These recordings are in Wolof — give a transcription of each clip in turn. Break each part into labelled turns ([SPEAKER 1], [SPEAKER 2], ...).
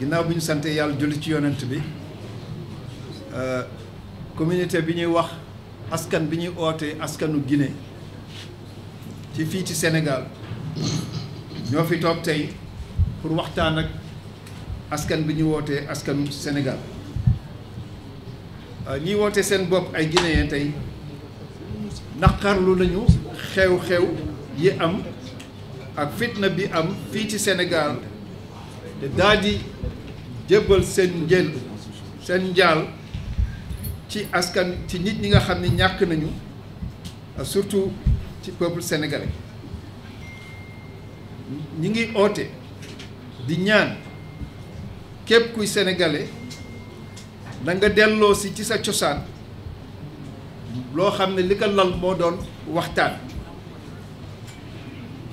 [SPEAKER 1] ginnaaw bi ñu sante yàlla julli ci yonent bi euh, communauté bi ñuy wax askan bi ñuy wootee askanu Guinée ci fii ci Sénégal ñoo fi toog tey pour waxtaan ak askan bi ñuy wootee askanu Sénégal euh, ñiy woote seen bopp ay guinéen tey ndax naqarlu nañu xew-xew yi am ak fitna bi am fii ci Sénégal te daal di jébbal seen njël seen njaal ci askan ci nit ñi nga xam ne ñàkk nañu surtout ci peuple sénégalais ñi ngi oote di ñaan képp kuy senegale na nga delloo si ci sa cosaan loo xam ne li ko lal moo doon waxtaan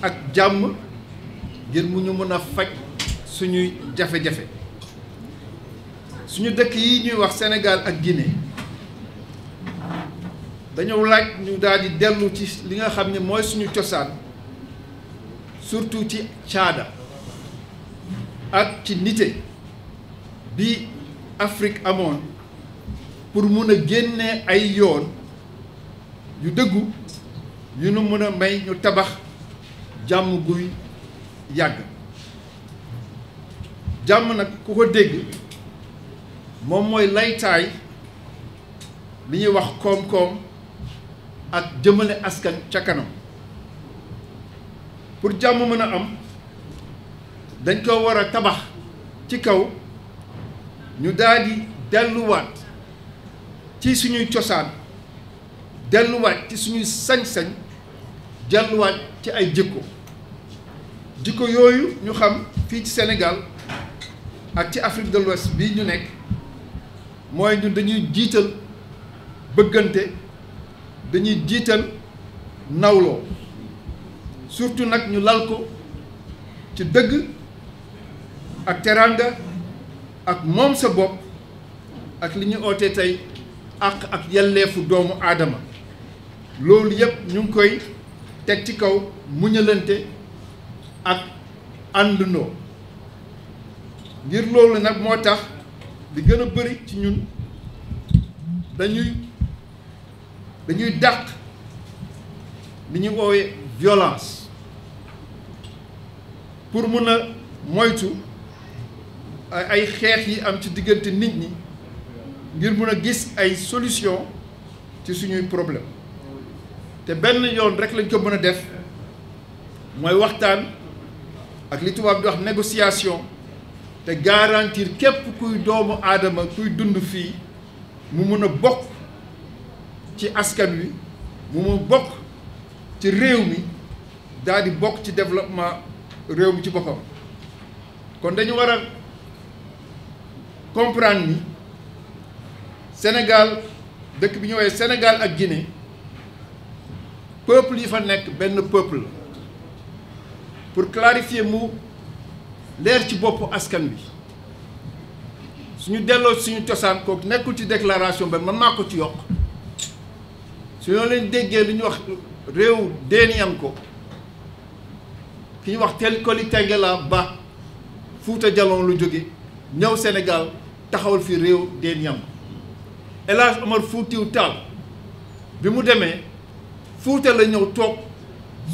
[SPEAKER 1] ak jàmm ngir mu ñu mën a faj suñuy jafe-jafe suñu dëkk yi ñuy wax Sénégal ak Guinée dañoo laaj ñu daal di dellu ci li nga xam ne mooy suñu cosaan surtout ci caada ak ci nite bi Afrique amoon pour mun a génnee ay yoon yu dëggu yu nu mën a may ñu tabax jàmm guy yàgg jàmm nag ku ko dégg moom mooy laytaay li ñuy wax koom-koom ak jëmale askan ca kanam pour jàmm mën a am dañ ko war a tabax ci kaw ñu daldi delluwaat ci suñuy cosaan delluwaat ci suñuy sañ-sañ delluwaat ci ay jëkko jikko yooyu ñu xam fii ci Sénégal ak ci Afrique de l'Ouest bii ñu nekk mooy ñu dañuy jiital bëggante dañuy jiital nawloo surtout nag ñu lal ko ci dëgg ak teraanga ak moom sa bopp ak li ñu ootee tey àq ak yelleefu doomu aadama loolu yëpp ñu ngi koy teg ci kaw muñalante ak àndandoo ngir loolu nag moo tax di gën a bëri ci ñun dañuy dañuy dàq li ñu woowee violence pour mën a moytu ay xeex yi am ci diggante nit ñi ngir mun a gis ay solution ci suñuy problème te benn yoon rek lañ ko mën a def mooy waxtaan ak li tubaab di wax négociation te garantir képp kuy doomu aadama kuy dund fii mu mën a bokk ci askan wi mu mun bokk ci réew mi daal di bokk ci développement réew mi ci boppam kon dañu war a comprendre ni Sénégal dëkk bi ñu woowee Sénégal ak Guinée peuple yi fa nekk benn peuple la pour clarifier mu leer ci bopp askan bi suñu delloo suñu cosaan kooku nekkul ci déclaration ba mën maa ko ci yokk su ñoo leen déggee lu ñu wax réew deeni ko ki ñu wax tel Koli Tengela Ba Fuuta Jalon lu jóge ñëw senegal taxawul fi réew deeni am El Hadj Omar Fuutiw Taal bi mu demee Fuuta la ñëw toog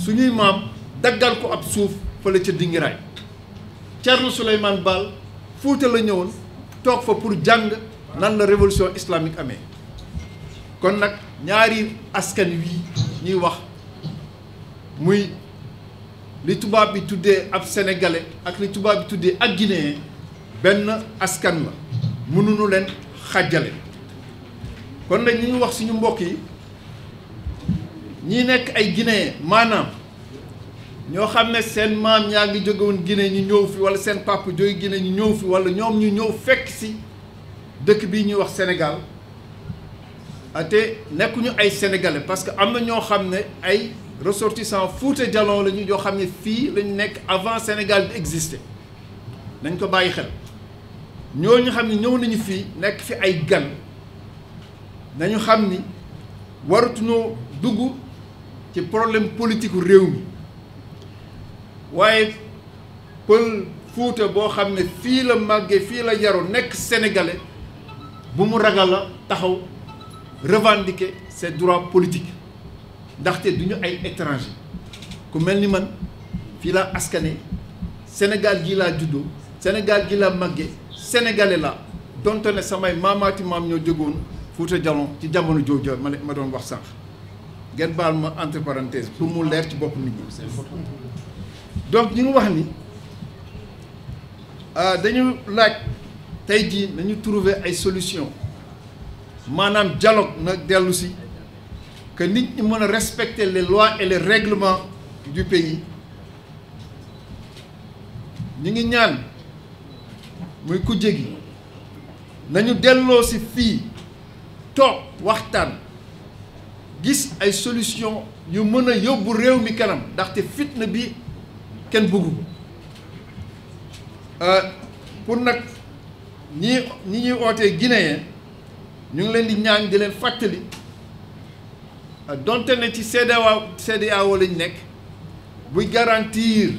[SPEAKER 1] suñuy maam daggal ko ab suuf fële ca dingiraay Thierno Souleymane Baal Fuuta la ñëwoon toog fa pour jàng nan la révolution islamique amee kon nag ñaari askan wi ñuy wax muy li tubaab bi tuddee ab sénégalais ak li tubaab bi tuddee ak guinéen benn askan la mënuñu leen xàjjale kon nag ñu ngi wax suñu mbokk yi ñi nekk ay guinéen maanaam ñoo xam ne seen maam ñaa ngi jógewoon woon ñu ñëw fii wala seen papa jóge Guinée ñu ñëw fi wala ñoom ñu ñëw fekk si dëkk bii ñuy wax Sénégal ate ah, nekkuñu ay sénégalais parce que am na ñoo xam ne ay ressortissants Fouta Djalon la ñu ñoo xam ne fii lañu nekk avant Sénégal di exister nañ ko bàyyi xel ñooñu xam ne ñëw nañu fii nekk fi ay gan nañu xam ni waratuñoo dugg ci problème politiku réew mi. waaye pël fuuta boo xam ne fii la màggee fii la yaru nekk sénégalais bu mu ragal la taxaw revendiquer ses droits politiques ndaxte du ñu ay étranger ku mel ni man fii laa askane Sénégal gi laa juddoo Sénégal gi laa màggee sénégalais la donte ne samay maamaati maam ñoo jógoon Fuuta Jalon ci jamono jooju ma ma doon wax sànq gen baal ma entre parenthèse pour mu leer ci bopp nit ñi donc ñu ngi wax ni euh, dañu laaj tey jii nañu trouver ay solution maanaam dialogue na dellusi si que nit ñi mën a respecter les lois et les règlements du pays ñu ngi ñaan muy kujje gi nañu delloo si fii toog waxtaan gis ay solution yu mën a yóbbu réew mi kanam ndaxte fitna bi kenn bëggu ko euh, pour nag ñi ñi ñuy ootee guinéen ñu ngi leen di ñaan di leen fàttali euh, donte ne ci CEDEAO CEDEAO lañ nekk buy garantir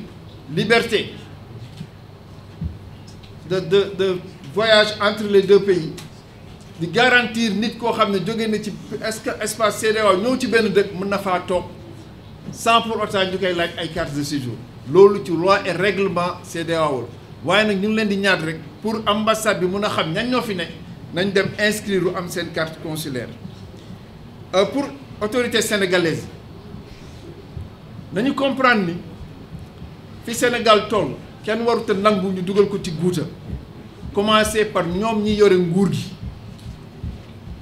[SPEAKER 1] liberté de de de voyage entre les deux pays di garantiir nit koo xam ne jóge na ci espace CEDEAO ñëw ci benn dëkk mën na faa toog sans pour autant ñu koy laaj ay carte de séjour loolu ci loi et réglement CEDEAO waaye nag ñu ngi leen di ñaat rek pour ambassade bi mun a xam ñan ñoo fi ne nañ dem inscrire am seen carte consulaire euh, pour autorité sénégalaise nañu comprendre ni fi Sénégal toll kenn warut a nangu ñu dugal ko ci guuta commencé par ñoom ñi yore nguur gi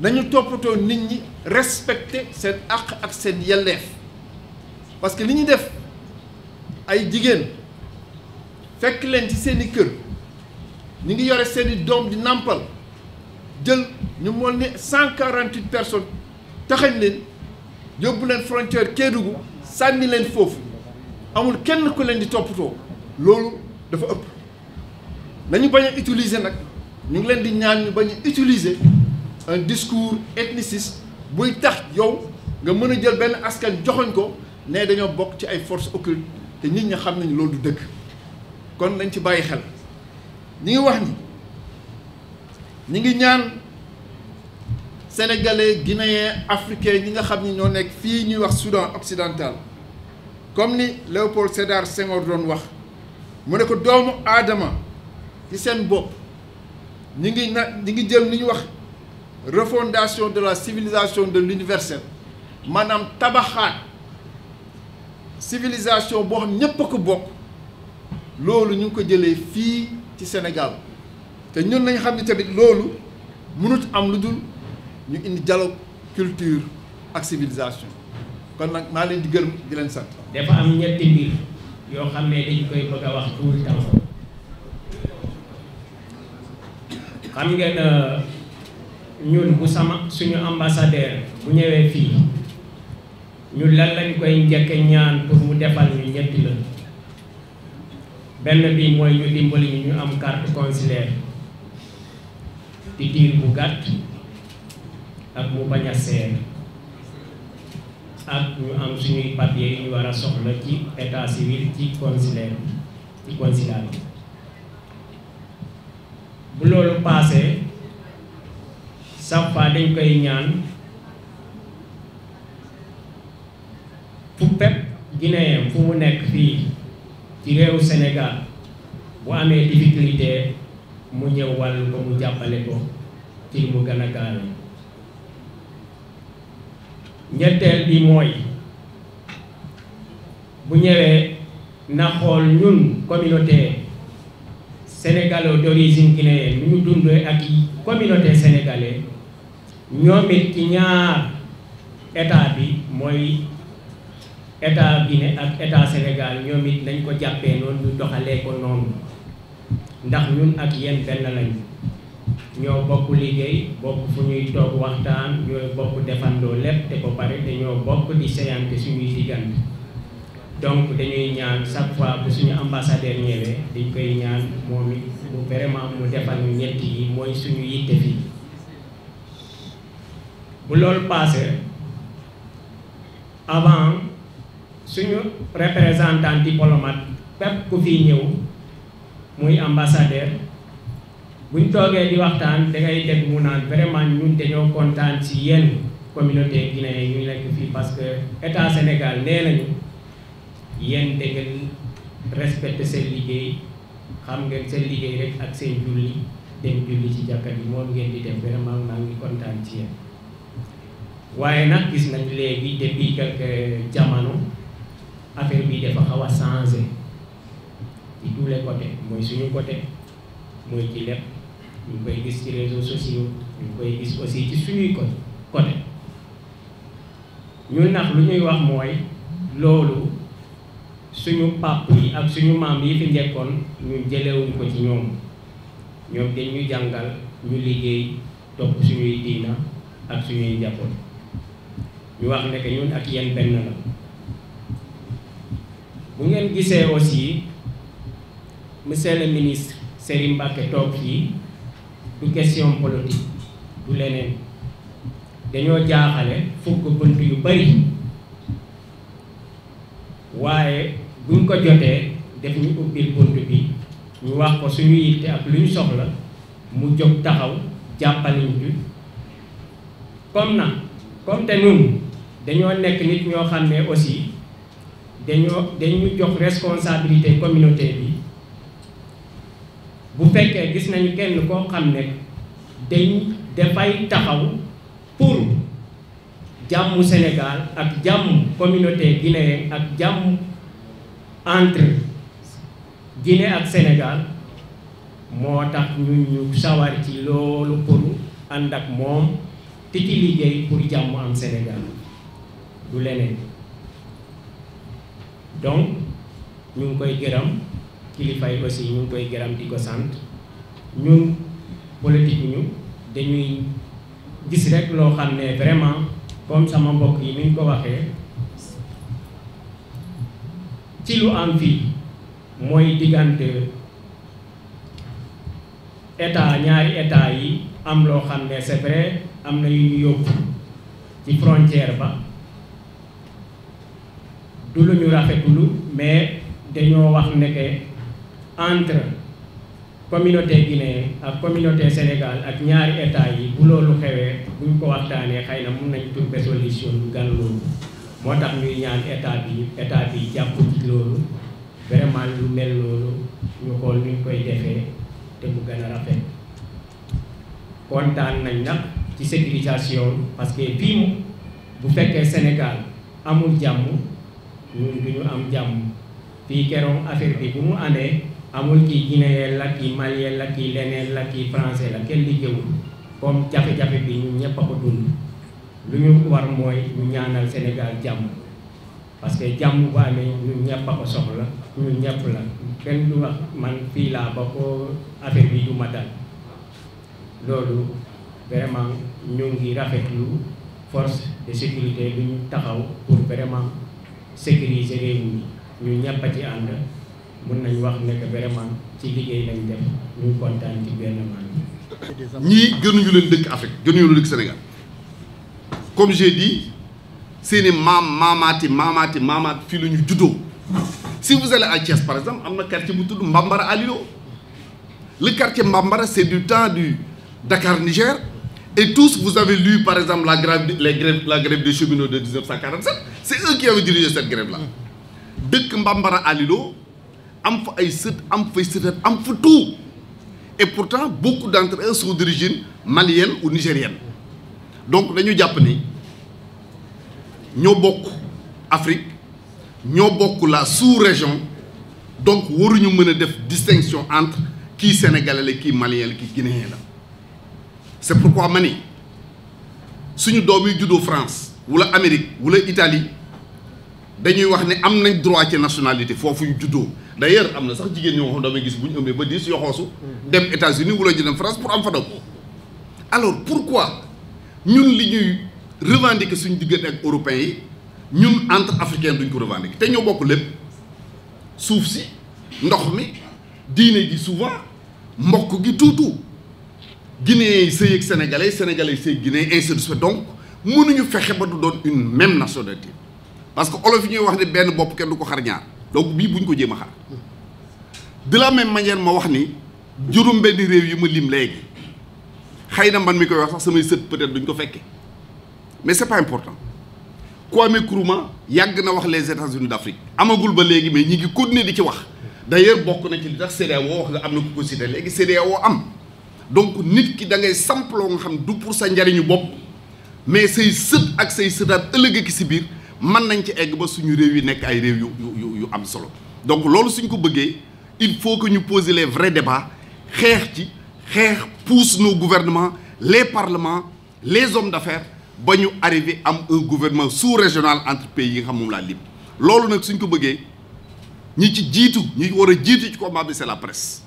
[SPEAKER 1] nañu toppatoo nit ñi respecter seen àq ak seen yelleef parce que li ñu def. ay jigéen fekk leen ci seeni kër ñu ngi yore seeni doom di nàmpal jël ñu mol ni cent quarante personnes taxañ leen yóbbu leen frontière Kédougou sànni leen foofu amul kenn ko leen di toppatoo loolu dafa ëpp nañu bañ a utiliser nag ñu ngi leen di ñaan ñu bañ a utiliser un discours ethniciste buy tax yow nga mën a jël benn askan joxoñ ko ne dañoo bokk ci ay forces occultes te nit ñi xam nañu loolu du dëkk kon nañ ci bàyyi xel ñi ngi wax ni ñi ngi ñaan sénégalais guinéen africain ñi nga xam ni ñoo nekk fii ñuy wax Soudan occidental comme ni Léopold Sédar Senghor doon wax mu ne ko doomu aadama ci seen bopp ñi ngi na ñi ngi jël ni ñu wax refondation de la civilisation de l'universel maanaam tabaxaat civilisation boo xam ñépp a ko bokk loolu ñu ngi ko jëlee fii ci Sénégal te ñun nañ xam ni tamit loolu mënut am lu dul ñu indi dialogue culture ak civilisation kon nag maa leen di gërëm di leen sant.
[SPEAKER 2] dafa am ñetti mbir yoo xam ne dañ koy bëgg a wax tout le xam ngeen euh, ñun bu sama suñu ambassadeur bu ñëwee fii. ñu lan lañ koy njëkke ñaan pour mu defal ñu ñetti la benn bi mooy ñu dimbali ñu ñu am carte consulaire di diir bu gàtt ak mu bañ a seer ak ñu am suñuy papier yi ñu war a soxla ci état civil ci consulaire ci consulat bu loolu paasee chaque dañ koy ñaan fu pepp guinéen fu mu nekk fii ci réew Sénégal bu amee difficulté mu ñëw wàllu ko mu jàppale ko ci mu gën a gaaw ñetteel bi mooy bu ñëwee na xool ñun communauté sénégalo d'origine guinéenne ñu dundee ak communauté sénégalaise ñoom it ci ñaar état bi mooy état bi ne ak état Sénégal ñoom it nañ ko jàppee noonu ñu doxalee ko noonu ndax ñun ak yéen benn lañu ñoo bokk liggéey bokk fu ñuy toog waxtaan ñooy bokk defandoo lépp te ba pare dañoo bokk di séyante suñuy diggante donc dañuy ñaan chaque fois bu suñu ambassadeur ñëwee dañ koy ñaan moom it mu vraiment mu defal ñu yi mooy suñu yitte fii bu loolu passé avant suñu représentant diplomate bépp ku fi ñëw muy ambassadeur buñ toogee di waxtaan dangay dégg mu naan vraiment ñun dañoo kontaan ci yenn communauté guinéen ñu nekk fii parce que état Sénégal nee nañu yéen da ngeen respecté seen liggéey xam ngeen seen liggéey rek ak seen julli dem julli ci jàkka bi moom ngeen di dem vraiment maa ngi kontaan ci yéen waaye nag gis nañ léegi depuis quelque jamono. affaire bi dafa xaw a changé ci tous les côtés mooy suñu côté mooy ci lépp ñu koy gis ci réseaux sociaux ñu gis aussi suñuy côté côté ñu nax lu ñuy wax mooy loolu suñu pàpp yi ak suñu maam yi fi njëkkoon ñu jëlewuñ ko ci ñoom ñoom dañ ñu jàngal ñu liggéey topp suñuy diina ak suñuy njaboot ñu wax ne ñun ak yéen benn la bu ngeen gisee aussi monsieur le ministre Serigne Mbacké toog yi du question politique du leneen dañoo jaaxale fukk bunt yu bari waaye buñ ko jotee def ñu ubbil bunt bi ñu wax ko suñu yitte ak lu soxla mu jóg taxaw jàppaliñ bi comme na comme te ñun dañoo nekk nit ñoo xam ne aussi dañoo dañu jox responsabilité communauté bi bu fekkee gis nañu kenn koo xam ne dañ dafay taxaw pour jàmm Sénégal ak jàmm communauté guinéen ak jàmm entre Guinée ak Sénégal moo tax ñu ñu sawar ci loolu pour ànd ak moom te ci liggéey pour jàmm am Sénégal du leneen donc ñu ngi koy gërëm kilifa yi aussi ñu ngi koy gërëm di ko sant ñu politique dañuy gis rek loo xam ne vraiment comme sama mbokk yi ni ñu ko waxee ci lu am fii mooy diggante état ñaari état yi am loo xam ne c'est am na yu ñu yóbbu ci frontière ba du lu ñu rafetlu mais dañoo wax ne que entre communauté Guinée ak communauté Sénégal ak ñaari état yi bu loolu xewee buñ ko waxtaanee xëy na mun nañ trouver solution lu gan loolu moo tax ñuy ñaan état bi état bi jàpp ci loolu vraiment lu mel loolu ñu xool nuñ koy defee te mu gën a rafet kontaan nañ nag ci sécurisation parce que fii bu fekkee Sénégal amul jàmm ñun ñu am jàmm fii keroog affaire bi bi mu amee amul kii guinéen la kii malien la kii leneen la kii français la kenn liggéeyul comme jafe-jafe bi ñun ñëpp a ko dund lu ñu war mooy ñu ñaanal Sénégal jàmm parce que jàmm bu amee ñun ñëpp a ko soxla ñun ñëpp la kenn du wax man fii laa ba ko affaire bi du ma dal loolu vraiment ñu ngi rafetlu force de sécurité bi ñu taxaw pour vraiment sécuriser réew mi ñu ñëpp a mun nañ wax ne vraiment ci liggéey lañ def ñu kontaan ci gouvernement
[SPEAKER 1] bi. ñii gënuñu leen dëkk Afrique gënuñu leen dëkk Sénégal comme j'ai dit seeni maam maamaati maamaati maamaat fii la ñu juddoo si vous allez à Thiès par exemple am na quartier bu tudd Mbambara Alilo le quartier Mbambara c'est du temps du Dakar Niger et tous vous avez lu par exemple la grève la grève la grève des cheminots de 1947. c'est eux qui avaient dirigé cette grève là hmm. dëkk Mbambara Alilo am fa ay sët am fay sëtat am fa tout et pourtant beaucoup d'entre eux sont d'origine ou nigérienne donc dañu jàpp ni ñoo bokk Afrique ñoo bokk la sous-région donc waruñu mën a def distinction entre kii sénégalais la kii malien la kii guinéen la c'est pourquoi ma ni suñu doom yi juddoo France wala Amérique wala Italie dañuy wax ne am nañ droit ci nationalité foofu ñu juddoo d'ailleurs am na sax jigéen ñoo xam damay gis bu ñu ëmbee ba diis yoxoosu dem États-Unis wula ñu dem France pour am fa doom alors pourquoi ñun li ñuy revendiquer suñu diggante ak européens yi ñun entre africains duñ ko revendiquer te ñoo bokk lépp suuf si ndox mi diine gi souvent mbokk gi tuutu guinéens yi sëy ak sénégalais sénégalais yi sëy guinéens ainsi de donc mënuñu fexe ba du doon une même nationalité parce que olof yi ñuy wax ne benn bopp kenn du ko xar ñaar donc bii bu ñu ko jéem a xar de la même manière ma wax ni juróom-benn réew yi ma lim léegi xëy na man mi koy wax sax samay sët peut-être duñ ko fekke mais c'est pas important Kwame ma yàgg na wax les États-Unis d'Afrique amagul ba léegi mais ñi ngi continuer di ci wax d'ailleurs bokk na ci li tax CEDEAO wax nga am na ku ko cité léegi CEDEAO am donc nit ki da ngay samp loo nga xam du sa njariñu bopp. mais say sët ak say sëtaat ëllëg ki si biir mën nañ ci egg ba suñu réew yi nekk ay réew yu yu yu am solo donc loolu suñ ko bëggee il faut que ñu poser les vrai débats xeex ci xeex pousse nos gouvernements les parlements les hommes d'affaires ba ñu arriver am un gouvernement sous-régional entre pays yi nga xam moom laa lim loolu nag suñu ko bëggee ñi ci jiitu ñi war a jiitu ci combat bi c'est la presse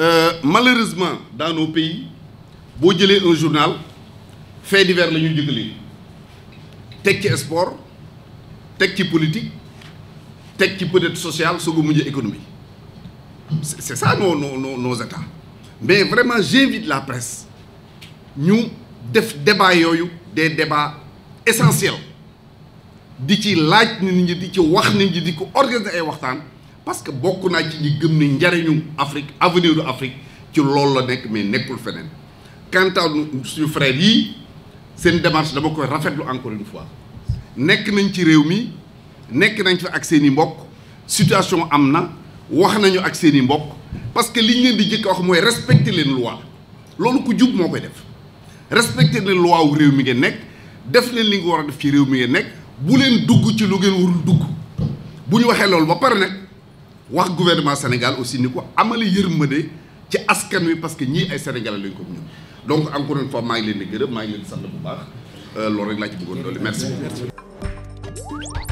[SPEAKER 1] euh, malheureusement dans nos pays boo jëlee un journal fait divers la ñuy jëkkali teg ci sport teg ci politique teg ci peut social soo ko mujjee économie c'est ça nos nos nos nos états mais vraiment j'invite la presse ñu def débat yooyu des débats essentiels di ci laaj ni nit ñi di ci wax nit ñi di ko organiser ay waxtaan parce que bokk naa ci ñi gëm ni njariñu Afrique avenir du Afrique ci loolu la nekk mais nekkul feneen quant suñu frère yi. seen démarche dama koy rafetlu encore une fois nekk nañ ci réew mi nekk nañ fa ak seen i mbokk situation am na wax nañu ak seen i mbokk parce que ñu leen di jëkk wax mooy respecte leen loi loolu ko jub moo koy def respecter leen loi wu réew mi ngeen nekk def leen li nga war a def ci réew mi ngeen nekk bu leen dugg ci lu ngeen warul dugg bu ñu waxee loolu ba pare nag wax gouvernement Sénégal aussi ni ko amale yërmande ci askan wi parce que ñii ay sénégalais lañ ko donc am une fois maa ngi leen di gërëm maa ngi leen di sant bu baax euh, loolu rek laa ci bëggoon doole merci beaucoup.